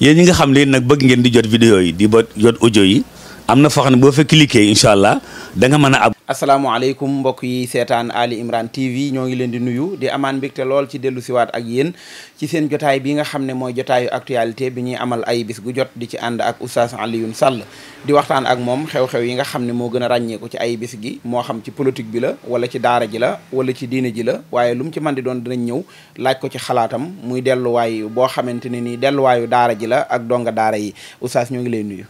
yéen ñi nga xam ne nag bëgg ngeen di jot vidéo yi di ba jot audio yi am na foo xam ne boo fa cliquer incha allah da nga mën a ab asalaamaaleykum mbokk yi seetaan Ali Imran TV ñoo ngi leen di nuyu di amaan mbégte lool ci dellu siwaat ak yéen ci seen jotaay bi nga xam ne mooy jotaayu actualité bi ñuy amal ay gu jot di ci ànd ak oustaz Alioune Sall di waxtaan ak moom xew-xew yi nga xam ne moo gën a ràññeeku ci ay bis gi moo xam ci politique bi la wala ci daara ji la wala ci diina ji la waaye lu mu ci mën di doon dinañ ñëw laaj ko ci xalaatam muy delluwaay boo xamante ne ni delluwaayu daara ji la ak donga daara yi oustaz ñoo ngi lay nuyu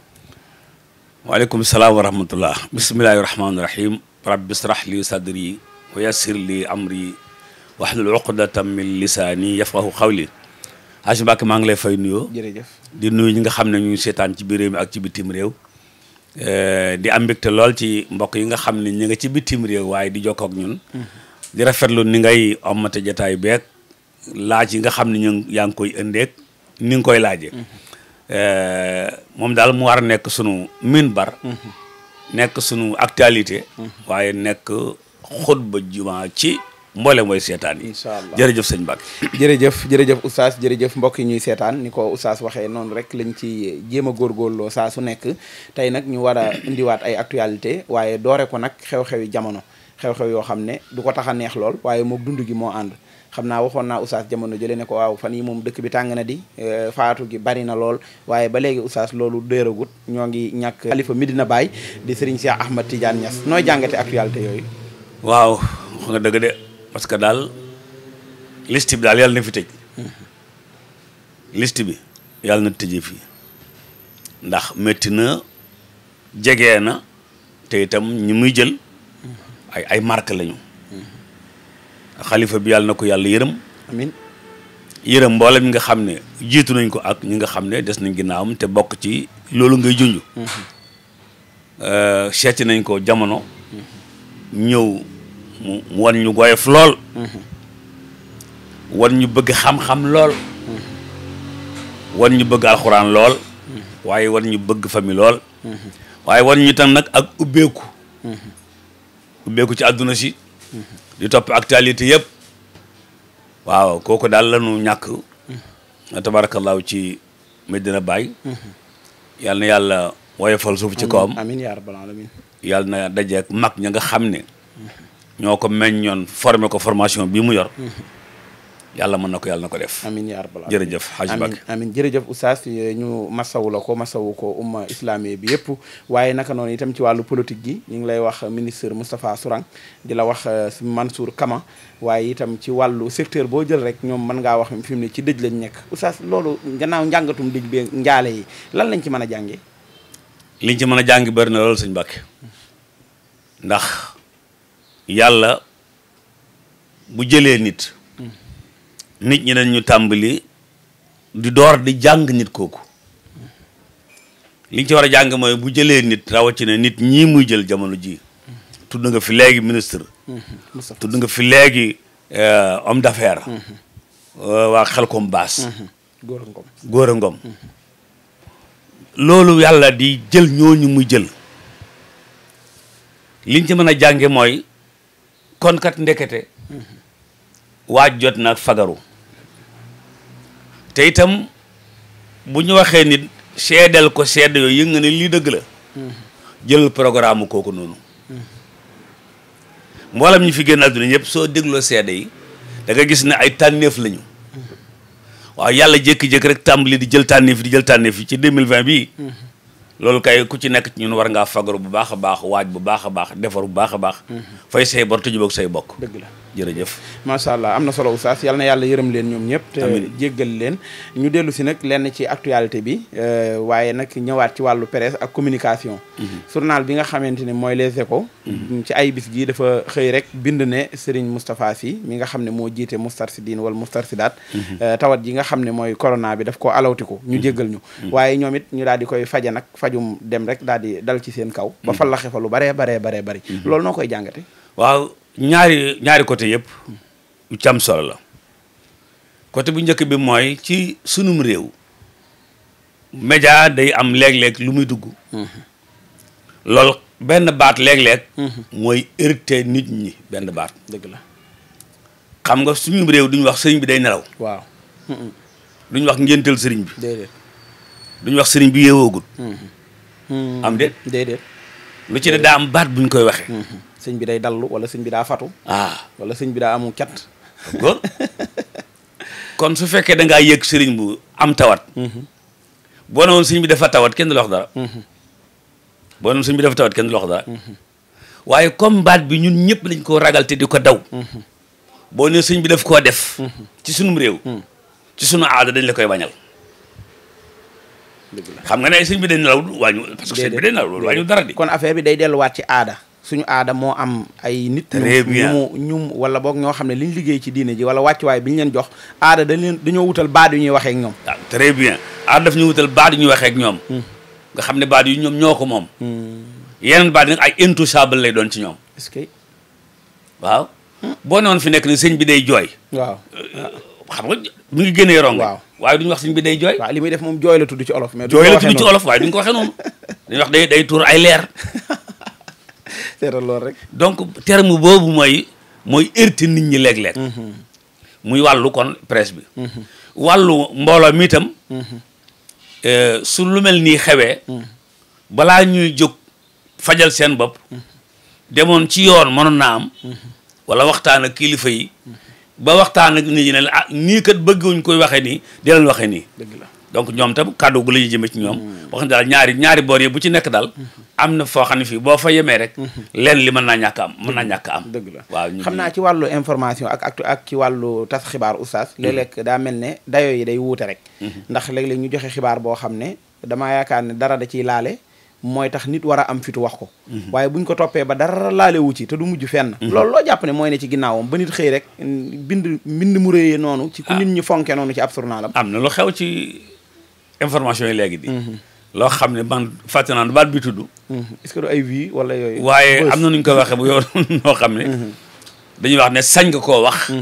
waaleykum salaam wa rahmatullah bismillahi rahmaani rahim rabbi israh li sadri wa yassir li amri wahlul uqdatan min lisaani yafqahu qawli Haji Mbacke maa ngi lay fay nuyoo jërëjëf di nuyo ñi nga xam ne ñu seetaan ci biir mi ak ci bitim réew eh, di am lool ci mbokk yi nga xam ne ñi nga ci bitim réew waaye di jokkoo ak ñun mm-hmm. di rafetlu ni ngay omate jataay beeg laaj yi nga xam ne ñu yaa ngi koy ëndeeg ni nga koy laajee mm-hmm. Euh, moom daal mu war a nekk sunu minbar nekk sunu actualité waaye nekk xutba juma ci mboole mooy seetaan yi jërëjëf sëñ Mbacke jërëjëf jërëjëf oustaz jërëjëf mbokk yi ñuy seetaan ni ko oustaz waxee noonu rek lañ ci jéema a góorgóorloo saa su nekk tey nag ñu war a indiwaat ay actualité waaye doore ko nag xew-xewi jamono xew-xew yoo xam ne du ko tax a neex lool waaye moog dund gi moo ànd xam naa waxoon naa oustaz jamono jëlee ne ko waaw fan yi moom dëkk bi tàng na di eh, faatu gi bari na lool waaye ba léegi oustaz loolu déeragut ñoo ngi ñàkk xalifa Medina Baye di Serigne Cheikh Ahmad Tidiane Niass nooy jàngate actualité yooyu waaw wax nga dëgg de parce que daal list bi daal yàlla na fi tëj hmm. liste bi yàlla na tëjee fi ndax métti na jege na te itam muy jël ay ay marque lañu xalifa bi yàlla na ko yàlla yërëm amiin yërëm mboolem ñi nga xam ne jiitu nañ ko ak ñu nga xam ne des nañ ginnaawam te bokk ci loolu ngay junj mm-hmm. euh, seeti nañ ko jamono ñëw mu wan ñu goyof lool mm-hmm. wan ñu bëgg xam-xam lool mm-hmm. wan ñu bëgg alxuraan lool waaye wan ñu bëgg famille lool waaye wan ñu tam nag ak ubbeeku ubbeeku ci àdduna si di topp actualité yëpp waaw kooku daal la ñu ñàkk tabaarakallaahu ci Medina Baye yàlla na yàlla woyofal suuf ci kawam amiin yaa rabbal aalamiin na dajeek mag ña nga xam ne ñoo ko meññoon formé ko formation bi mu yor yàlla mën na ko yàlla na ko def amiin yaa rabbal jërëjëf Haji Mbacke jërëjëf oustaz ñu masawu la ko masawu ko umma islamique bi yépp waaye naka noonu itam ci wàllu politique gi ñu ngi lay wax ministre Moustapha Sourang di la wax euh, Mansour Kama waaye itam ci wàllu secteur boo jël rek ñoom mën ngaa wax fi mu ne ci dëj lañ nekk oustaz loolu gannaaw njàngatum dëj bi njaale yi lan lañ ci mën a jànge liñ ci a jàng bëri na loolu sëñ Mbacke ndax yàlla bu jëlee nit nit ñi dañu tàmbali di door di jàng nit kooku li ñu ci war a jàng mooy bu jëlee nit rawatina nit ñii mu jël jamono ji tudd nga fi léegi ministre mm-hmm. tudd nga fi léegi euh, homme d'affaires mm-hmm. euh, waa xelkom baas mm-hmm. góor a ngom loolu yàlla di jël ñooñu mu jël liñ ci mën a jànge mooy kon kat ndekete waaj jot na ak fagaru te itam bu ñu waxee nit seedeel ko seede yooyu yëngu ne lii dëgg la jël programme kooku noonu mboolam ñu fi génn àdduna ñëpp soo dégloo seede yi danga gis ni ay tànneef lañu waaw yàlla jékki-jékki rek tàmbali di jël tànneef di jël tànneef yi ci mille 2020 bi loolu kay ku ci nekk ñun war ngaa fagaru bu baax a baax waaj bu baax a baax defar bu baax a baax mm-hmm. fay say bor te jubóog say bokk dëgg la jërëjëf macha allah am na solo oustaz yal yàlla yërëm leen ñoom ñëpp te jéggal leen ñu dellu si nag lenn ci actualité bi euh, waaye nag ñëwaat ci wàllu presse ak communication mhm. journal bi nga xamante ne mooy les échos mhm. ci ay bis gi dafa xëy rek bind ne Serigne Moustapha Sy mi nga xam ne moo jiite Moustarchidine wala Moustarchidaat mhm. euh, tawat ji nga xam ne mooy corona bi daf koo alawtiku ñu jéggal ñu waaye it ñu daal di koy faja nag fajum dem rek daal di dal ci seen kaw ba fallaxe fa lu baree baree baree bari loolu noo koy jàngate ñaari ñaari côté yëpp cam ci solo la côté bu njëkk bi mooy ci sunum réew média day am léeg-léeg lu muy dugg mm-hmm. loolu benn baat léeg-léeg mm-hmm. mooy hérité nit ñi benn baat dëgg la xam nga suñu réew duñu wax sëriñ bi day nelaw waaw mm-hmm. duñu wax ngéntal sëriñ bi déedéet duñu wax sëriñ bi yeewoogut am déet déedéet lu ci ne daa am baat buñ koy waxee. Mhm. sëñ bi day dallu wala sëñ bi daa fatu. ah wala sëñ bi daa amu cat. d'accord kon su fekkee da ngaa yëg sëriñ bu am tawat. Mhm. boo ne woon sëñ bi dafa tawat kenn du la wax dara. Mhm. boo ne woon sëñ kenn du la waaye comme baat bi ñun ñëpp lañ koo ragal te di ko daw. boo ne sëñ bi daf koo def. ci sunum réew. ci sunu aada dañ la koy bañal. xam nga ne sëñ bi dañ nelaw waañu parce que sëñ bi dañ nelaw loolu waañu dara di kon affaire bi day delluwaat ci aada suñu aada moo am ay nit ñu ñum wala boog ñoo xam ne liñ liggéey ci diine ji wala wàccuwaay bi ñu leen jox aada da leen dañoo wutal baat yu ñuy waxeek ñoom waaw ah, très bien daf ñu wutal baat yu ñuy waxee ñoom hmm. nga xam ne baat yu ñoom ñoo ko moom hmm. yeneen baat yi ay intouchable lay doon ci ñoom est-ce que hmm. boo noonu fi nekk ne sëñ bi day jooy waaw euh, ah. xam nga mu ngi génnee rong waaw waaye duñu wax sëñ bi day jooy waaw li muy def moom jooy la tudd ci olof mais jooy la ko waxee noonu dañuy wax day day tuur ay leer rek donc terme boobu mooy mooy érti nit ñi léeg-léeg mhm. muy wàllu kon presse bi mhm. wallu mbooloo mi itam mhm. euh, su lu mel nii xewee balaa ñuy jóg fajal seen bopp demoon ci yoon mënoon na am wala waxtaan ak kilifa yi ba waxtaan a nit ñi ne ah, nii kat bëgg bëgguñ koy waxee nii di leen waxee nii. dëgg la donc ñoom tam kàddu gu la ñuy jëmee ci ñoom. Hmm. wax na daal ñaari ñaari boor yi bu ci nekk daal. Hmm. am na foo xam ne fii boo fa yemee rek. Hmm. leen li mën naa ñàkk am mën naa ñàkk am. dëgg la waaw xam naa ci wàllu information ak actu ak ci wàllu tas xibaar oustaz. lekk daa mel ne dayoo yi day wuute rek. ndax léeg-léeg ñu joxe xibaar boo xam ne damaa yaakaar ne dara da ciy laale mooy tax nit war a am fitu wax ko mhm. waaye buñ ko toppee ba dara laalewu ci te du mujj fenn mhm. loolu loo jàpp ne mooy ne ci ginnaawam ba nit xëy rek mm, bind mbind mu réyee noonu ci ku ah. nit ñu fonke noonu ci ab la am na lu xew ci information yi léegi di mhm. loo xam ne man fàtte naa baat bi tudd est-ce ay vie wala yooyu waaye am na nuñ koy waxee bu yow noo xam ne dañuy wax ne sañ nga koo wax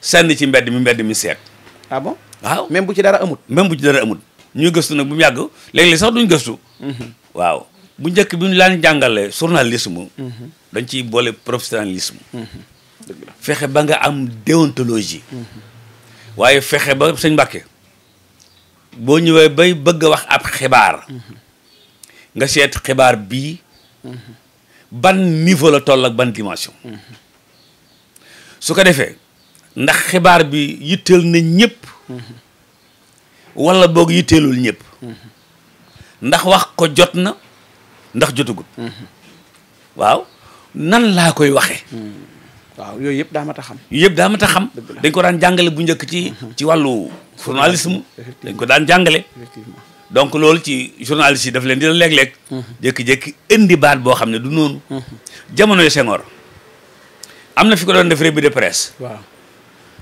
senn ci mbedd mi mbedd mi seet ah bon waaw même bu ci dara amut même bu ci dara amut ñuy gëstu nag bu mu yàgg léeg-léeg sax duñ gëstu waaw bu njëkk bi ñu laan jàngale journalisme mhm. dañ ciy boole professionnalisme mhm. fexe ba nga am déontologie mhm. waaye fexe ba sëñ Mbàkke boo ñëwee bay bëgg a wax ab xibaar nga seet xibaar bi ban niveau la toll ak ban dimension su ko defee ndax xibaar bi yitteel na ñëpp wala boog yitteelul ñëpp ndax wax ko jot na ndax jotagut waaw nan laa koy waxee waaw yooyu yëpp daa mat a xam yooyu yëpp daa mat a xam dañ ko daan jàngale bu njëkk ci ci wàllu journalisme dañ ko daan jàngale donc loolu ci journaliste yi daf leen di la léeg-léeg mhm. jékki-jékki indi baat boo xam ne du noonu mhm. jamono yu Senghor am na fi ko doon def revue de press waaw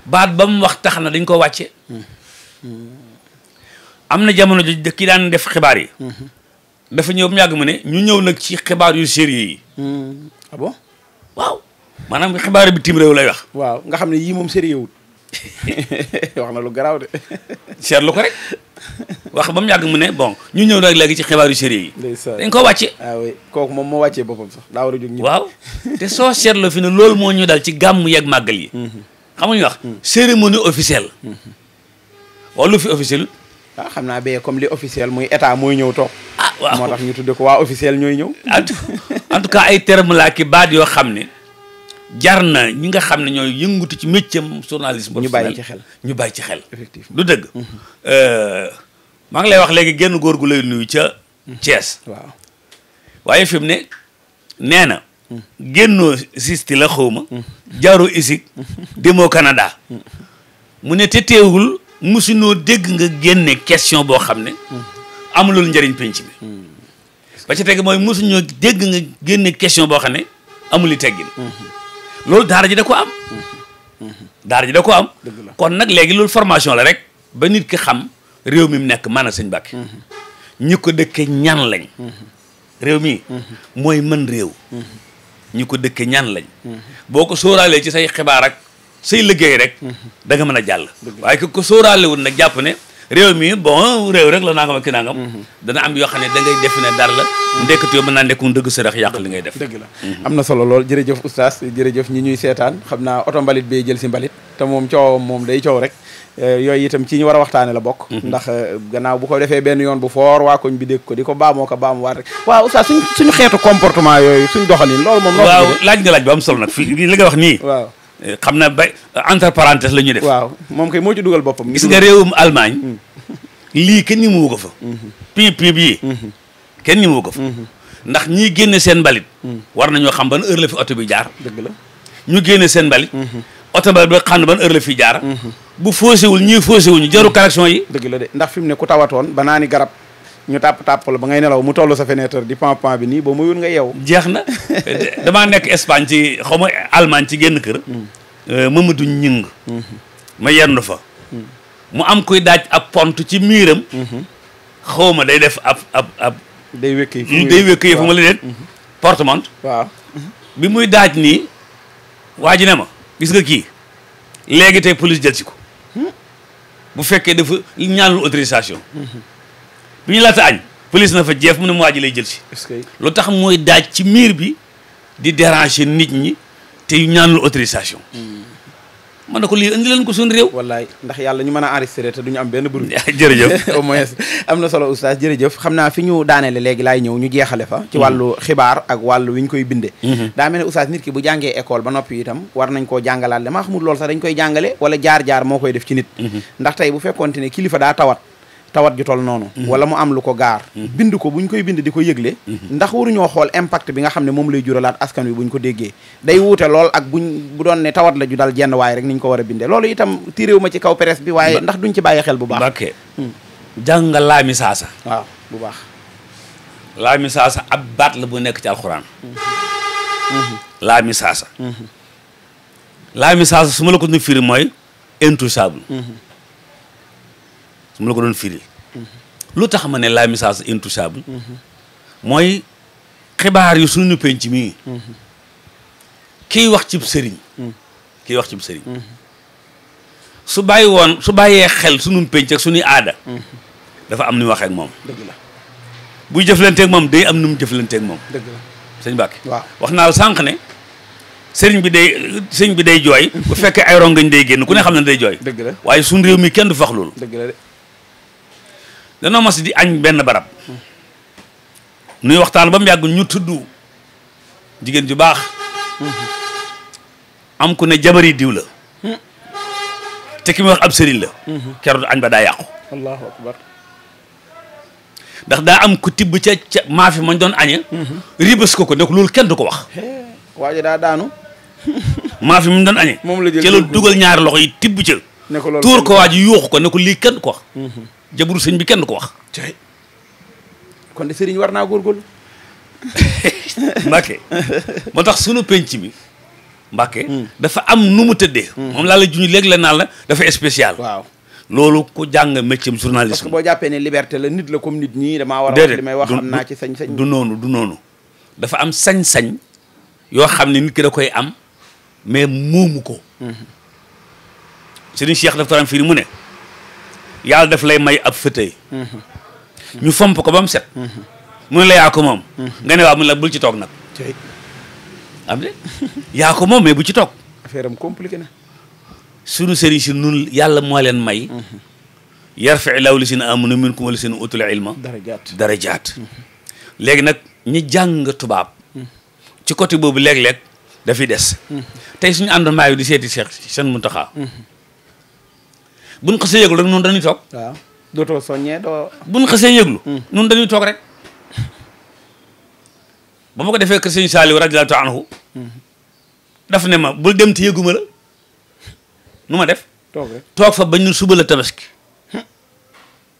baat ba mu wax tax na dañ ko wàcce mhm. am na jamono ji ki daan def xibaar yi. Mhm. dafa ñëw ba mu yàgg mu ne ñu ñëw nag ci xibaar yu sérieux yi. Mhm. ah bon waaw. maanaam xibaar bi tim réew lay wax. waaw nga xam ne yii moom sérieux wul wax na lu garaaw de. seetlu ko rek wax ba mu yàgg mu ne bon ñu ñëw nag léegi ci xibaar yu sérieux yi. dañ ko wàcce. ah oui kooku moom moo wàccee boppam sax daa war a waaw te soo seetloo fi ne loolu moo ñu dal ci gàmm yeeg màggal yi. Mhm. xam nga ñu wax. cérémonie officielle. wala lu fi officiel. waaw ah, xam naa bee comme li officiel muy état mooy ñëw toog. ah waaw moo tax ñu tudde ko waa officiel ñooy ñëw. en tout cas ay terme laa ki baat yoo xam ne jar na ñi nga xam ne ñooy yëngutu ci métier journalisme. ñu bàyyi ci xel ñu bàyyi ci xel. effectivement lu dëgg. Mm-hmm. Euh, maa ngi lay wax léegi génn góor gu lay nuyu ca. Mm-hmm. Thiès waaw. waaye fim ne nee na. Mm-hmm. génnoo sisti la ma jaaroo isik demoo Canada. mu ne te teewul. musunoo dégg nga génne question boo xam ne amulul njëriñ penc bi hmm. ba ci teg mooy musuñoo dégg nga génne question boo xam ne amul amuli teggin hmm. loolu daar ji da ko am daara ji da ko am hmm. kon nag léegi loolu formation la rek ba nit ki xam réew mi mu nekk maanaam sëñ Mbàkke ñi ko dëkke ñan lañ réew mi mooy mën réew ñi ko dëkke ñan lañ boo ko sóoraalee ci say xibaar ak say liggéey rek da nga mën a jàll waaye ku ko sóoraalewul nag jàpp ne réew mi bon réew rek la nangam ak ki nangam dana am yoo xam ne da ngay def ne dara la ndekkat yoo mën naa nekkum dëgg sërëx yàq li ngay def dëgg la am na solo lool jërëjëf oustaz jërëjëf ñi ñuy seetaan xam naa oto mbalit bee jël si mbalit te moom coowam moom day coow rek eh, yooyu itam ci ñu war a waxtaane la bokk mhm. ndax eh, gannaaw bu ko defee benn yoon bu foor waa koñ bi dégg ko di ko baamoo ko baamuwaat rek waaw oustaz suñ suñu xeetu comportement yooyu suñ doxalin loolu moom waaw laaj nga laaj bu am solo nag fii li nga wax nii waaw xam na ba entre parenthèse la ñuy def. waaw moom kay moo ci dugal boppam. gis nga réewum Allemagne. Mm. lii kenn ñu mu ko fa. pii pii bii. kenn ñu mu ko fa. Mm-hmm. ndax ñii génne seen mbalit. Mm. war nañoo xam ban heure la fi oto bi jaar. dëgg la ñu génne seen mbalit. Mm-hmm. oto ba ba xam ne ban heure la jaar. Mm-hmm. bu faussé wul ñii faussé wuñu jaru correction yi. dëgg la de ndax fi mu ne ku tawatoon ba naa ni garab. ñu tàpp tàpp la ba ngay nelaw mu toll sa fenêtre di pan pan bi nii ba muyul nga yeew jeex na damaa nekk Espagne ci xaw ma Allemagne ci génn kër mm. euh, Mamadou Ñing mm-hmm. ma yendu fa mm. mu am kuy daaj ab pont ci miiram mm-hmm. xaw ma day def ab ab day wékk yi day wékk yi ma la déet mm-hmm. porte-monnaie bi muy daaj nii waa ji ne ma gis nga kii léegi tey police jël ko hmm? bu fekkee dafa ñaanul autorisation bi ñu laata añ police na fa jeef mu ne mu waaji lay jël si lu tax mooy daaj ci miir bi di déranger nit ñi te yu ñaanul autorisation hmm. man na ko lii indi leen ko suñu réew wallaay ndax yàlla ñu mën a enregistré te duñu am benn bruit jërëjëf moins am na solo oustaz jërëjëf xam naa fi ñu daaneele léegi laay ñëw ñu jeexale fa ci hmm. wàllu xibaar ak wàllu wi ñu koy binde hmm. daa mel ne oustaz nit ki bu jàngee école ba noppi itam war nañ koo jàngalaat damaa xamul lool sax dañ koy jàngale wala jaar-jaar moo koy def ci nit ndax tey bu fekkoonte ne kilifa daa tawat tawat ju tol noonu mhm. wala mu am lu ko gaar mhm. bind ko buñ koy bind di ko yëgle mhm. ndax waruñoo xool impact bi nga xam ne moom lay juralaat askan wi buñ ko déggee day wuute lool ak buñ bu doon ne tawat la ju dal jenn waaye rek niñ ko war a bindee loolu itam tiréew ma ci kaw presse bi waaye ndax duñ ci bàyyi xel bu baax bakke hmm. jàng nga laami saasa waaw bu baax laami saasa ab baat la bu nekk ci alxuraan hmm. Hmm. laami saasa laami saasa su ma la ko nu firi mooy intouchable su ma la ko doon firi. lu tax ma ne la message intouchable. mooy xibaar yu suñu penc mii. kiy wax ci sëriñ. wax cib sëriñ. su bàyyi woon su bàyyee xel suñu penc ak suñuy aada. dafa am ni waxee ak moom. dëgg la buy jëflanteeg moom day am nu mu jëflanteeg moom. dëgg la sëñ Mbacke. waaw wax naa la sànq ne. seriñ bi day sëriñ bi day jooy. bu fekkee ay rongañ day génn ku ne xam ne day jooy. dëgg la waaye suñu réew mi kenn du fax loolu. dëgg danoo mas di añ benn barab nuy waxtaan ba mu yàgg ñu tudd jigéen ju baax am ku ne jabari diw la te ki mu wax ab sëriñ la keroog añ ba daa yàqu allahu ndax daa am ku tibb ca ca maafi mañ doon añe ribas ko ko ne ko loolu kenn du ko wax waajo daa daanu maafi mu doon añe moom la jël ca la loxo yi tibb ca ne ko loolu tuur ko waaji yuuxu ko ne lii kenn du ko wax jabaru sëñ bi kenn ko wax. kon de sëriñ war naa góorgóorlu. Mbacke moo tax sunu penc mi Mbacke. Hmm. dafa am nu mu tëddee. Hmm. moom laa la junj léegi la naan la dafa spécial. waaw loolu ku jàng métier journalisme. parce que boo jàppee ne liberté la nit la comme nit ñi damaa war a wax li naa ci sañ-sañ. du noonu du noonu dafa am sañ-sañ yoo xam ne nit ki da koy am mais muumu ko. Hmm. sëriñ Cheikh dafa taram fii mu ne. yàlla daf lay may ab fauteuil ñu fomp ko ba mu set mu la yaa moom nga ne waaw mu la bul ci toog nag am moom mais bu ci toog affaire am compliqué na sunu sëriñ si nun yàlla moo leen may yarfa law li seen amanu minkum wa li seen utul ilma darajaat darajaat léegi nag ñi jàng tubaab ci côté boobu léeg-léeg dafiy des tey suñu àndoon maa yi di seeti Cheikh seen Muntaxa bu ñu xasee yëglu rek noonu dañuy toog. waaw dootoo soññee doo. bu ñu hmm. noonu dañuy toog rek. ba ma ko defee kër sëñ Saliou radiyallahu ta'ala anhu hmm. daf ne ma bul dem te yëguma la nu ma def. toog toog fa bañ ñu suba la tabaski.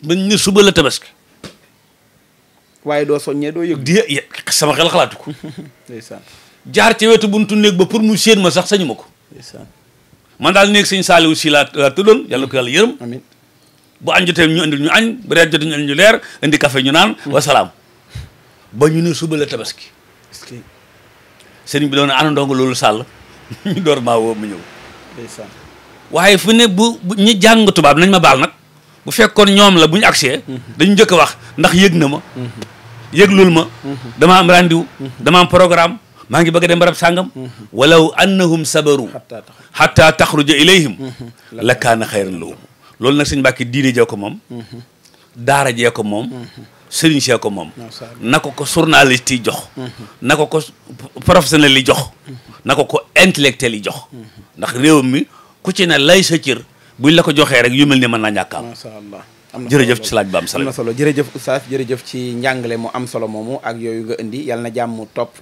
bañ ñu suba la tabaski. waaye doo soñee doo yëg. di sama xel xalaatu ko. ndeysaan jaar ci wetu buntu néeg ba pour mu séen ma sax sañu ma ko. man daal néeg sëñ Saaliwu si laa laa tuddoon yàlla na ko yàlla yërëm bu añ jotee ñu indil ñu añ bu reer jotee ñu indil leer indi café ñu naan hmm. wasalaam ba ñu ne suba la tabaski sëriñ bi doon ana ndongo loolu sàll ñu door maa woo mu ñëw waaye fu ne bu ñu jàng tubaab nañ ma baal nag bu fekkoon ñoom la bu ñu agsee hmm. dañu njëkk a wax ndax yëg na ma hmm. yëglul ma dama am rendez dama am programme maa ngi bëgg a dem barab sàngam walaw annahum sabaru hatta taxruja ilayhim mhm. la kaana xayran lahum loolu nag sëñ Mbàkke diine jee ko moom mhm. daara jee ko moom mhm. sëriñ see ko moom na ko ko journaliste yi jox na ko ko professionnel yi jox na ko ko intellectuel yi jox ndax réew mi ku ci ne lay sa cër buñ la ko joxee rek yu mel ne mën naa ñàkkaam jërëjëf ci laaj ba am solo na solo jërëjëf oustaz jërëjëf ci njàngale mu am solo moomu ak yooyu nga indi yal na jàmm topp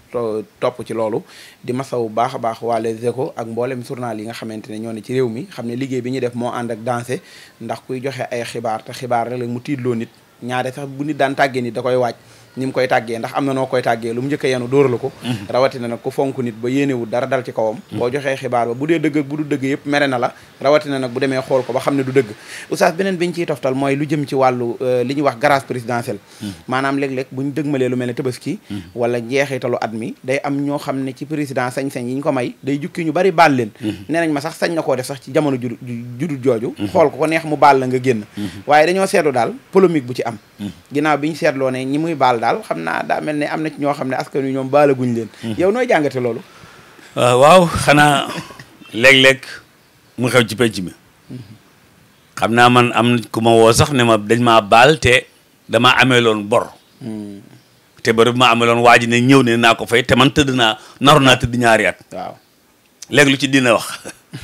topp ci loolu di masawu baax a baax waa Les ak mboolem journal yi nga xamante ne ñoo ne ci réew mi xam ne liggéey bi ñuy def moo ànd ak dansé ndax kuy joxe ay xibaar te xibaar rek la mu tiitloo nit ñaare sax bu nit daan tàggee nit da koy waaj ni koy tàggee ndax am na noo koy tàggee lu njëkk a yenu dóor la ko mhm. rawatina nag ku fonk nit ba yéenewul dara dal ci kawam mhm. boo joxee xibaar ba bu dee dëgg ak bu du dëgg yëpp mere na la rawatina nag bu demee xool ko ba xam ne du dëgg oustaz beneen bi ñu ciy toftal mooy lu jëm ci wàllu euh, li ñuy wax grâce présidentielle mhm. maanaam léeg-léeg bu ñu dëgmalee lu mel ne tabaski njeexitalu at mi day am ñoo xam ne ci président sañ-sañ yi ñu ko may day jukki ñu bari baal leen nee nañ ma sax sañ na koo def sax ci jamono ju judul jooju xool ko ko neex mu baal la nga génn waaye dañoo seetlu daal polémique bu ci am daal xam naa daa mel ne am na ci ñoo xam ne askan wi ñoom baalaguñ leen. Mhm. yow nooy jàngate loolu. Euh, waaw xanaa léeg-léeg mu xew ci penc mhm. xam naa man am na ku ma woo sax ne ma dañ ma baal te damaa amee loon bor. Mhm. te bari ma amee loon waa ji ne ñëw ne naa ko fay te man tëdd naa naru naa tëdd ñaari at. lu ci diine wax.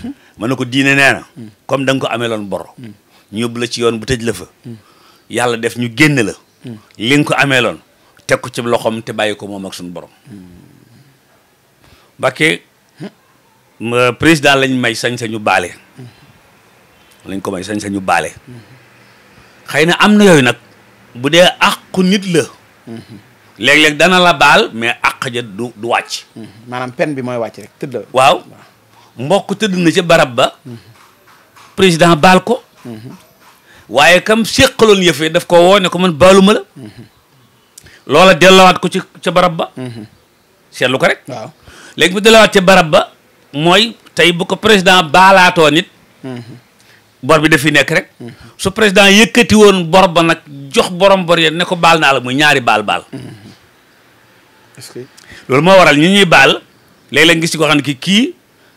ma ne ko diine nee dang comme da ko amee loon bor. ñu yóbbu ci yoon bu tëj la fa. def ñu génn la. li teg ko ci loxoom te bàyyi ko moom ak suñu borom. Mbakke président lañ may sañ-sañu baale. lañ ko may sañ-sañu baale. xëy na am na yooyu nag bu dee àqu nit la. léeg-léeg dana la baal mais àq ja du du wàcc. maanaam pen bi mooy wàcc tëdd la. mbokk tëdd na ci barab ba. président baal ko. Mhm. waaye kam séqaloon yëf yi daf ko woo ne ko man baaluma la. Mhm. loola dellowaat ko ci ca barab ba mhm. lu ko rek waaw léegi bu dellowaat ca barab ba mooy tey bu ko président baalaatoo nit mhm. bor bi dafi nekk rek mhm. su président yëkkati woon bor ba nag jox borom bor yéen ne ko baal naa la muy ñaari baal baal est que loolu moo waral ñu ñuy baal léeg-léeg gis ci ko xam ne ki kii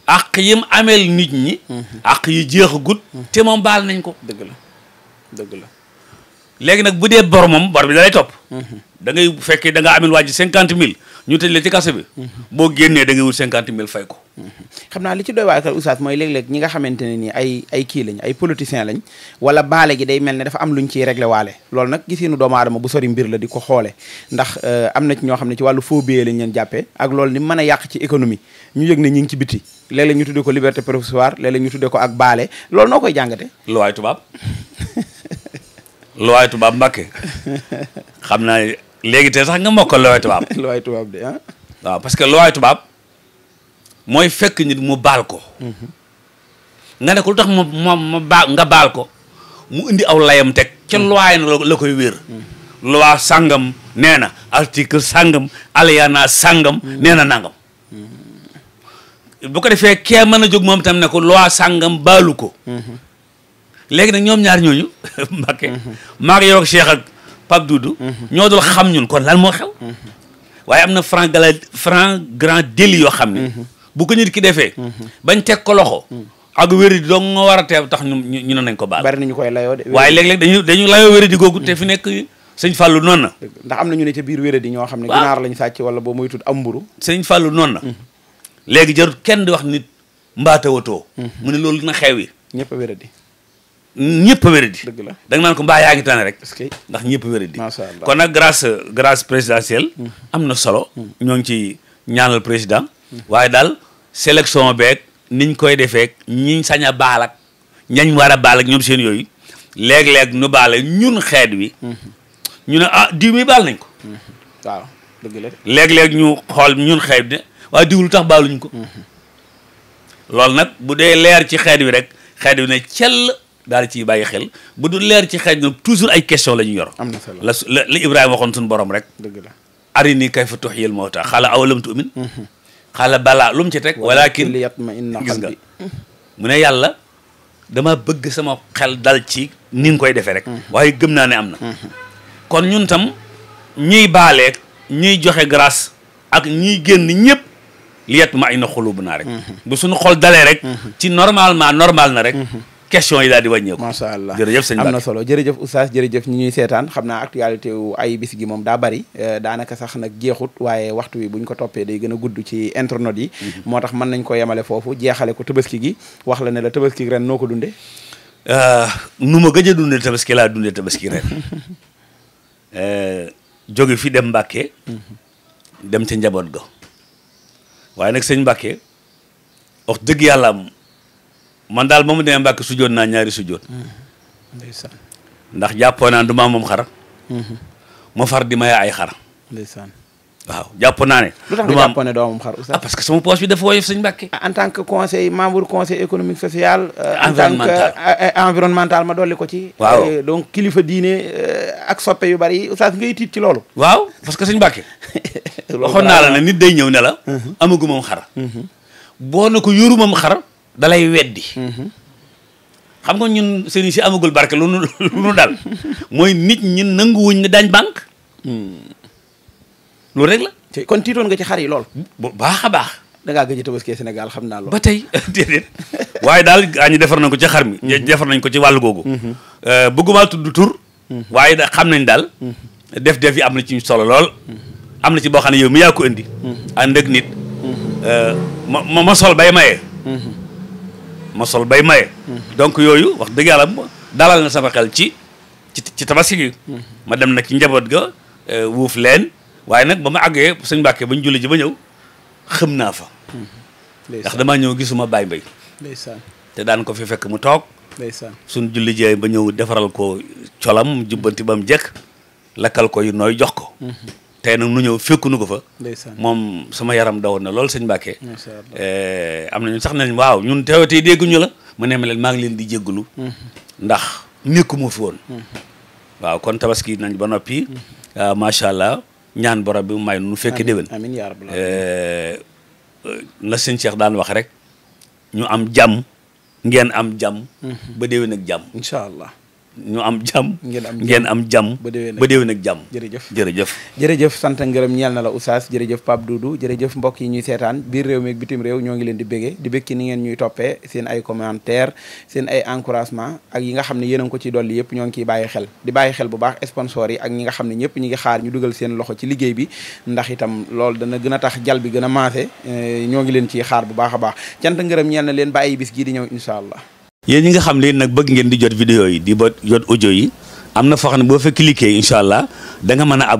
àq yim ameel nit ñi àq yi jeexagut te moom baal nañ ko dëgg la dëgg léegi nag bu dee bor moom bor bi dalay topp da ngay bu fekkee da nga amel waa cinquante mille ñu tëj la ci kaso bi. Mhm. boo génnee da ngay wut cinquante mille fay ko. Mhm. xam naa li ci doy waakal oustaz mooy léeg-léeg ñi nga xamante ne nii ay ay kii lañ ay politiciens lañ wala baale gi day mel ne dafa am luñ ci réglé waale loolu nag gisinu doomu aadama bu sori mbir la di ko xoole ndax euh, am na ci ñoo xam ne ci wàllu faux billets lañ leen jàppee ak loolu ni mën a yàq ci économie ñu yëg ne ñi ngi ci biti léeg-léeg ko liberté provisoire léeg-léeg ñu tuddee ko ak baale loolu noo koy jàngate luwaay tubaab luwaay tubaab mbàkke xam naa léegi te sax nga mokkal looy tubaab. looy tubaab ah. waaw parce que looy tubaab mooy fekk nit mu baal ko. Mhm. nga ne ko lu tax mu mu ba nga baal ko mu indi aw layam teg ca mhm. looy na la koy wér. Mhm. loi sàngam nee na article sàngam aliyaana sàngam nee na nangam bu ko defee kee mën a jóg moom tam ne ko loi sàngam baalu ko léegi nag ñoom ñaar ñooñu Mbàkke maa ngi yow Pape Doudou. ñoo dul xam ñun kon lan moo xew. waaye am na franc gala franc grand délit yoo xam ne. bu ko nit ki defee. bañ teg ko loxo. ak wéri di dong nga war a teew tax ñu ñu ne nañ ko baal. bari nañu koy layoo de. waaye léeg-léeg dañu dañu layoo wéri di googu te fi nekk sëñ Fallou noonu na. ndax am na ñu ne ca biir wéri di ñoo xam ne. waaw lañu lañ sàcc wala boo moytuwul am mburu. sëñ Fallou noon na. léegi jarut kenn di wax nit mbaata watoo. Mm-hmm. mu ne loolu dina xew yi. ñëpp a wéri ñëpp a wéradi dëgg la da nga naan ko mbaa yaa ngi tane rek ndax ñëpp a wéradi macha allah kon nag grâce grâce présidentielle mm. am na solo mm. ñoo ngi ci ñaanal président mm. waaye daal sélection beeg niñ koy defeek ñiñ sañ a baal ak ñañ war a baal ñoom seen yooyu léeg-léeg nu baale ñun xeet wi mm-hmm. ñu ne ah diw mi baal nañ ko mm-hmm. waaw dëgg la léeg-léeg ñu xool ñun xeet ne waaye diw lu baaluñ ko mm-hmm. loolu nag bu dee leer ci xeet wi rek xeet wi ne cell daal ci bàyyi xel bu du leer ci xeej na toujours ay question la ñu yor. am na solo la su la Ibrahima waxoon suñu borom rek. dëgg la arini kayfa tuhyil mawta xaala awalam tu'min mhm. xaala balaa lu mu ci teg. walakin liyatma'inna qalbi mu ne yàlla dama bëgg sama xel dal ci ni koy defee rek. Mhm. waaye gëm naa ne am na. Mhm. kon ñun tam ñuy baale ñuy joxe grâce ak ñuy génn ñëpp liyatma'inna xulubu naa rek. bu suñu xol dalee rek. ci normalement normal na rek. question yi daal di wàññeeku. macha allah jërëjëf sëñ am na solo jërëjëf oustaz jërëjëf ñuy seetaan xam na actualité wu ay bis gi moom daa bari eh, daanaka sax na jeexut waaye waxtu wi buñ ko toppee day gën a gudd ci internet yi mhm. moo tax man nañ ko yemale foofu jeexale ko tabaski gi wax la ne la tabaski ren noo ko dunde ah, nu ma gëj a dunde tabaski laa dunde tabaski ren eh, jóge fi dem Mbàkke mhm. dem ci njaboot ga waaye nag sëñ Mbàkke wax dëgg yàlla man daal moom mu demee Mbàkke sujjoon naa ñaari sujjoon. Mm-hmm. ndeysaan. ndax jàppoon naa du ma moom xar. Mm-hmm. ma far di maye ay xar. ndeysaan. waaw jàpp naa ne. lu tax nga jàppoon ne doo moom xar ah, parce que sama poche bi dafa woyof sëñ Mbàkke. Ah, en tant que conseil membre conseil économique social. environnemental euh, en tant que euh, euh, ma dolli ko ci. waaw donc kilifa diine ak soppe yu bari oustaz ngay tiit ci loolu. waaw parce que sëñ Mbàkke. waxoon naa nit day ñëw ne la. Mm-hmm. amagu moom xar. boo ne ko yoru moom xar. dalay weddi mhm. xam nga ñun sëriñ si amagul barke lu nu lu mooy nit ñi nanguwuñ ne daañ banque hmm. loolu rek la kon tiitoon nga ci xar yi lool bu baax a baax da ngaa gëj a tabaski Sénégal xam naa lool ba tey déedéet waaye daal gaa ñi defar nañ ko ci xar mi mhm. defar nañ ko ci wàllu googu mhm. euh, bëggumaa tudd tur waaye da xam nañ daal def def yi am na ci solo lool am na ci boo xam ne yow mi yaa ko indi ànd ak nit euh, ma ma sol bay maye ma sol bay maye. Mhm. donc yooyu wax dëgg yàlla dalal na sama xel ci ci ci tabaski mhm. ma dem na ci njaboot ga euh, wuuf leen waaye nag ba ma àggee sëñ Mbàkke ba ñu julli ji ba ñëw xëm naa fa. Mhm. ndax damaa ñëw gisuma baay Mbaye. ndeysaan te daan ko fi fekk mu toog. ndeysaan suñ julli jee ba ñëw defaral ko colam jubbanti ba mu jekk lakkal ko yu nooy jox ko. tey nag nu ñëw fekkunu ko fa. moom sama yaram dawoon na lool sëñ Mbàkke. Eh, am na ñu sax nañ waaw ñun teew tey dégguñu la mu ne ma leen maa ngi leen di jéggulu mm-hmm. ndax nekkuma fi woon. Mm-hmm. waaw kon tabaski nañ ba noppi. Mm-hmm. Ah, macha allah ñaan borom bi mu may nu fekkee déwén. amiin yaa rabbal eh, la sëñ Cheikh daan wax rek ñu am jàmm ngeen am jàmm. ba déwén ak jàmm incha allah. ñu am jàmm. ngeen am jàmm ngeen am jàmm. ba déwén ba déwén ak jàmm. jërëjëf jërëjëf. jërëjëf sant ngërëm ñeel na la Oustaz jërëjëf Pape Doudou jërëjëf mbokk yi ñuy seetaan biir réew mi ak bitim réew ñoo ngi leen di béggee di békki ni ngeen ñuy toppee seen ay commentaire seen ay encouragement ak yi nga xam ne yéen a ngi ko ci dolli yëpp ñoo ngi ciy bàyyi xel di bàyyi xel bu baax sponsor yi ak ñi nga xam ne ñëpp ñi ngi xaar ñu dugal seen loxo ci liggéey bi ndax itam loolu dana gën a tax jal bi gën a maase eh, ñoo ngi leen ciy xaar bu baax a baax cant ngërëm ñeel leen bàyyi bis gii di ñëw incha yéen ñi nga xam leen nag bëgg ngeen di jot vidéo yi di ba jot audio yi am na foo xam ne boo fa cliquer incha allah da nga mën a ab